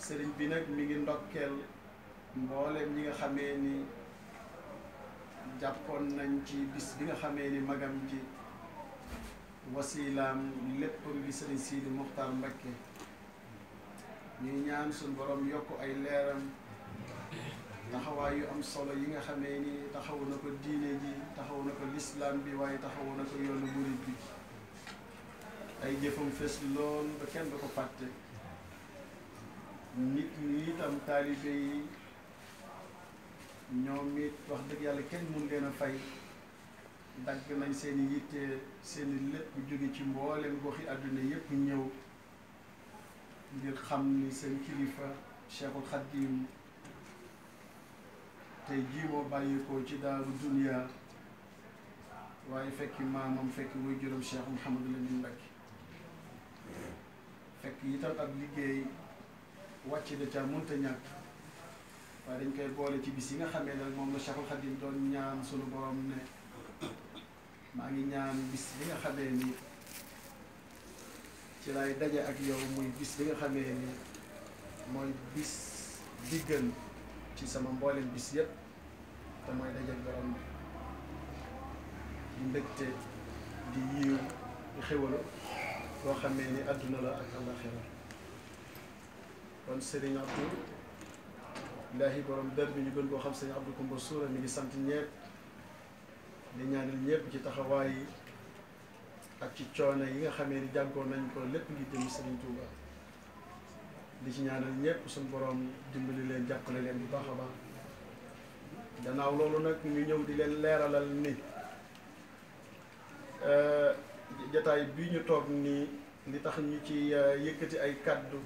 sëriñ bi nag mi ngi ndokkeel mbooleem ñi nga xamee ni jàppoon nañ ci bis bi nga xamee ni magam ji wasilaam léppam bi sëriñ Sidi Muxtaar Mbakke ñuy ñaan suñ borom yokk ay leeram taxawaay yu am solo yi nga xamee ni taxawu na ko diine ji taxawu na ko lislaam bi waaye taxawu na ko yoonu murit bi ay jëfam fes lool ba kenn du ko fàtte nit ñi itam taalibe yi ñoom it wax dëgg yàlla kenn mun leen a fay dagg nañ seeni i yitte seen i lépp jóge ci mboolem goxi àddina yépp ñëw ngir xam ni seen kilifa Cheikhul Khadim te jii moo bàyyeekoo ci daaru dunya waaye fekki maamam fekki muy juróom Cheikh Mouhamadou Lamine Mbacké fekk itam ak liggéey. wacce da ca munta ñak wa dañ koy boole ci bis yi nga xamé nag mom la Cheikhul Khadim doon ñaan sunu borom ne ma ngi ñaan bis yi nga xamé ni ci lay dajé ak yow muy bis yi nga xamé ni moy bis digël ci sama mboolem bis yépp te moy dajé borom bi di mbégte di yiw di xéwalo lo xamé ni aduna la ak àllaxira kon Serigne Abdou ndahi borom dër bi ñu gën ko xam Serigne Abdou Koumba Suura mi ngi sant ñepp ni ñaanal ñepp ci taxawaay ak ci choona yi nga xamé ni jangoon nañ ko lepp ngi dem Serigne Touba di ci ñaanal ñepp sun borom dimbali leen jàppale leen bu baaxa baax gannaaw loolu nak ñu ñew di leen leralal ni euh jotaay bi ñu tok ni li tax ñu ci euh, yëkëti ay kaddu.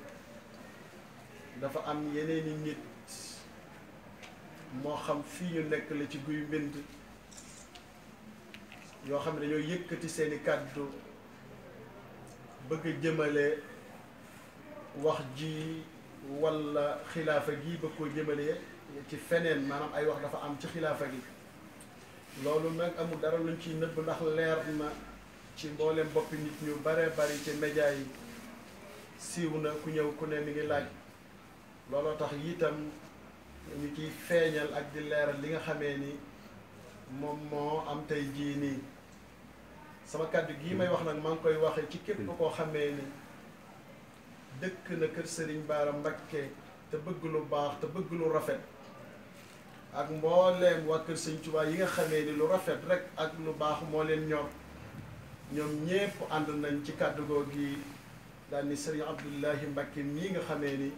dafa am yeneeni nit moo xam fii ñu nekk la ci guy mbind yoo xam ne dañoo yëkkati seeni kàddu bëgg jëmale wax ji walla xilaafa gi bëgg koo jëmale ci feneen maanaam ay wax dafa am ci xilaafa gi loolu nag amul dara luñ ci nëbb ndax leer na ci mboolem boppi nit ñu bare bari ci média yi siiw na ku ñëw ku ne mi ngi laaj looloo tax itam ñu ciy feeñal ak di leeral li nga xamee ni moom moo am tey jii nii sama kàddu gii may wax nag maa ngi koy waxee ci képp koo xamee ni dëkk na kër sëriñ Baara Mbakke te bëgg lu baax te bëgg lu rafet ak mbooleem waa kër sëñ Tuubaa yi nga xamee ni lu rafet rek ak lu baax moo leen ñor ñoom ñépp ànd nañ ci kàddu googu yi daal ni sëriñ Abdullahi Mbakke mii nga xamee ni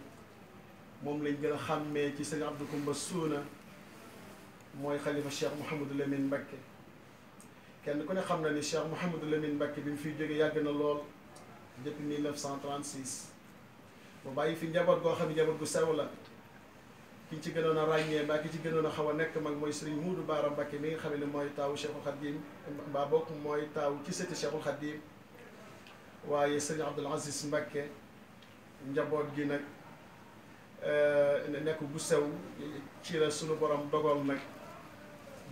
mom lañu gëna xamé ci sëñ Abdou kumba Suuna moy khalifa Cheikh mohammed Lamine Mbacké kenn ku ne xam na ni Cheikh mohammed Lamine Mbacké bi fi jëgë yag na lool depuis 1936 mo bàyyi fi njaboot go xam ne gu sew la ki ci gëna na ràññee ba ki ci gëna na xawa nek nekk mag mooy Serigne Moudou baram Mbacké mi nga xam ni moy taw cheikh Khadim ba bokk moy taw ci sëti cheikh Khadim waye Serigne abdou Aziz Mbacké njabot gi nak Euh, nekk bu sew ci la sunu borom dogal nag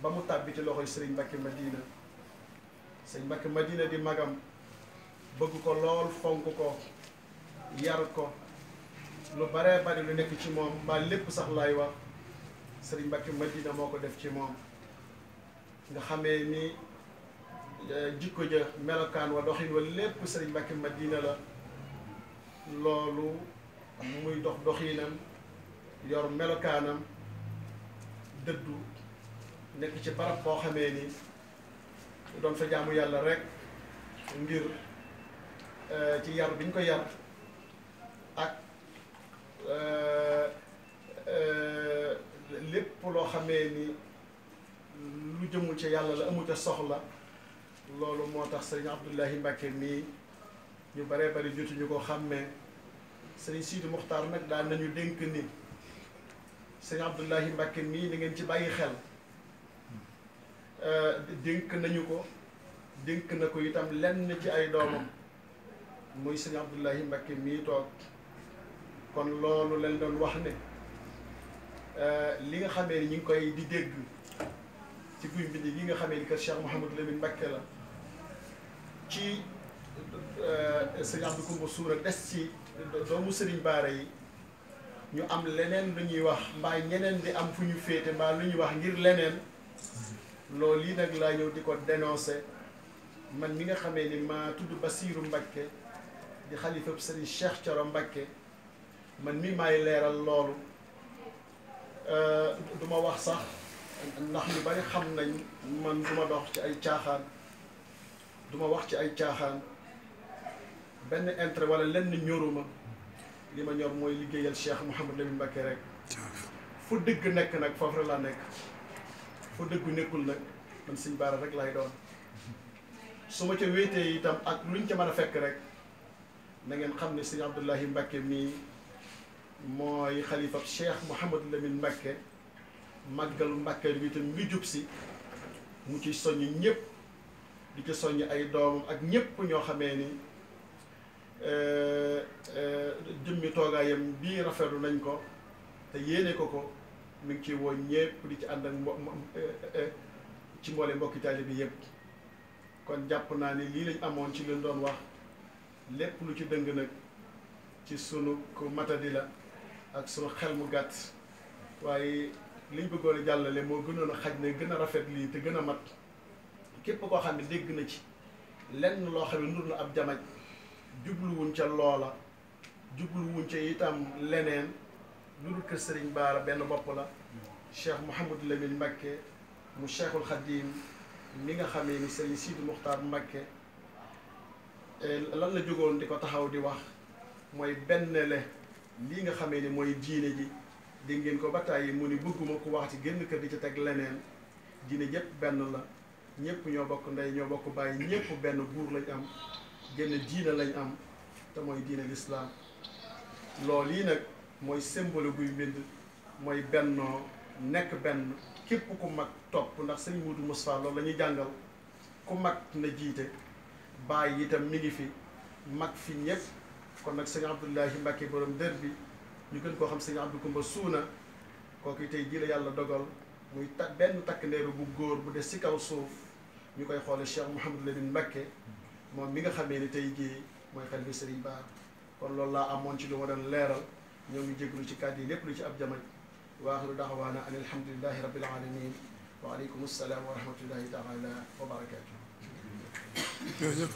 ba mu tàbbi ci loxoy sëriñ Mbacke Madina sëriñ Mbacke Madina di magam bëgg ko lool fonk ko yar ko lu baree bari lu nekk ci moom mbaa lépp sax laay wax sëriñ Mbacke Madina moo ko def ci moom nga xamee ni euh, jikko ja melokaan wa doxin wa lépp sëriñ Mbacke Madina la loolu nu muy dox doxiinam yor melokaanam dëddu nekk ci barab koo xamee ni doon fa jaamu yàlla rek ngir euh, ci yar bi ñu ko yar ak euh, euh, lépp loo xamee ni lu jëmul ci yàlla la amut a soxla loolu moo tax sëriñ Abdullahi Mbàkke mii ñu bare bari jotuñu ko xàmmee sëriñ Sidi Muxtaar nag daan nañu dénk ni sëriñ Abdullahi mbakke mii da ngeen ci bàyyi xel euh, dénk nañu ko dénk na ko itam lenn ci ay doomam muy sëriñ Abdullahi mbakke mii toog kon loolu lañ doon wax ne euh, li nga xamee ni ñu ngi koy di dégg ci guy mbind yi nga xamee ni que Cheikh Mouhamadou Lamine Mbàkke la ci sëñ Abdou Coumba Suura des ci doomu sëriñ Baara yi ñu am leneen lu ñuy wax mbaa ñeneen di am fu ñu féete mbaa lu ñuy wax ngir leneen loolu yi nag laa ñëw di ko dénoncé man mi nga xamee ni maa tudd Basiiru Mbakke di xalifab sëriñ Cheikh Coro Mbakke man mi maay leeral loolu du ma wax sax ndax ñu bari xam nañ man du ma dox ci ay caaxaan du ma wax ci ay caaxaan benn intérêt wala lenn ñoruma li ma ñor mooy liggéeyal Cheikh Mouhamed Lamine Mbacké rek fu dëgg nekk nag foofu rek laa nekk fu dëggu nekkul nag man Sëñ Bara rek lay doon su ma ca wéetee itam ak luñ ca mën a fekk rek na ngeen xam ne Sëñ Abdoulahi Mbacké mii mooy xalifab Cheikh Mouhamed Lamine Mbacké màggalu Mbacké bi itam ngi jub si mu ci soññ ñëpp di ci soññ ay doomam ak ñëpp ñoo xamee ni Euh, euh, jëmmi toogaayam bii rafetlu nañ ko te yéene ko ko mi ngi ci woo ñépp di ci ànd ak mbo eh, eh, eh, ci mboole mbokki taalibe bi yëpp kon jàpp naa ni lii lañ amoon ci leen doon wax lépp lu ci dëng nag ci sunu ko matadi la ak sunu xel mu gàtt waaye liñ bëggoon a jàllale moo gënoon xaj ne gën a rafet lii te gën a mat képp koo xam ne dégg na ci lenn loo xam ne nur na ab jamaj jubluwuñ ca loola jubluwuñ ca itam leneen lu dul kër sëriñ baara benn bopp la cheikh mouhamadou lamin mbakke mu cheikhul xadim mi nga xamee ni sëriñ siidu muxtaar mbakke lan la jógoon di ko taxaw di wax mooy benn le lii nga xamee ni mooy diine ji dégg ngeen ko ba tàyyi mu ni bëgguma ku wax ci génn kër di ci teg leneen jiine jëpp benn la ñëpp ñoo bokk ndey ñoo bokk bàyyi ñëpp benn buur lañ am génn diina lañ am te mooy diina lislaam loolu yi nag mooy symbole buy mbind mooy bennoo nekk benn képp ku mag topp ndax sëñ Muudu Mustafaa loolu la ñuy jàngal ku mag na jiite bàyyi itam mi ngi fi mag fi ñëpp kon nag sëñ Abdullahi Mbàkke borom dër bi ñu gën koo xam sëñ Abdu Kumba suuna kooku tey jii la yàlla dogal muy ta benn takk ndeeru bu góor bu des ci kaw suuf ñu koy xoole Cheikh Mouhamadou Lamine Mbàkke moom mi nga xamee ne tey jii mooy xalifa Serigne Bara kon loolu laa amoon ci lu ma doon leeral ñoo ngi jégalu ci kàddi lépp lu ci ab jamaj wa axiru daxwaana an alhamdulilahi rabbil alamin wa aleykum assalaam wa rahmatullahi taala wa barakatu jërëjëf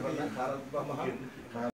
macha allah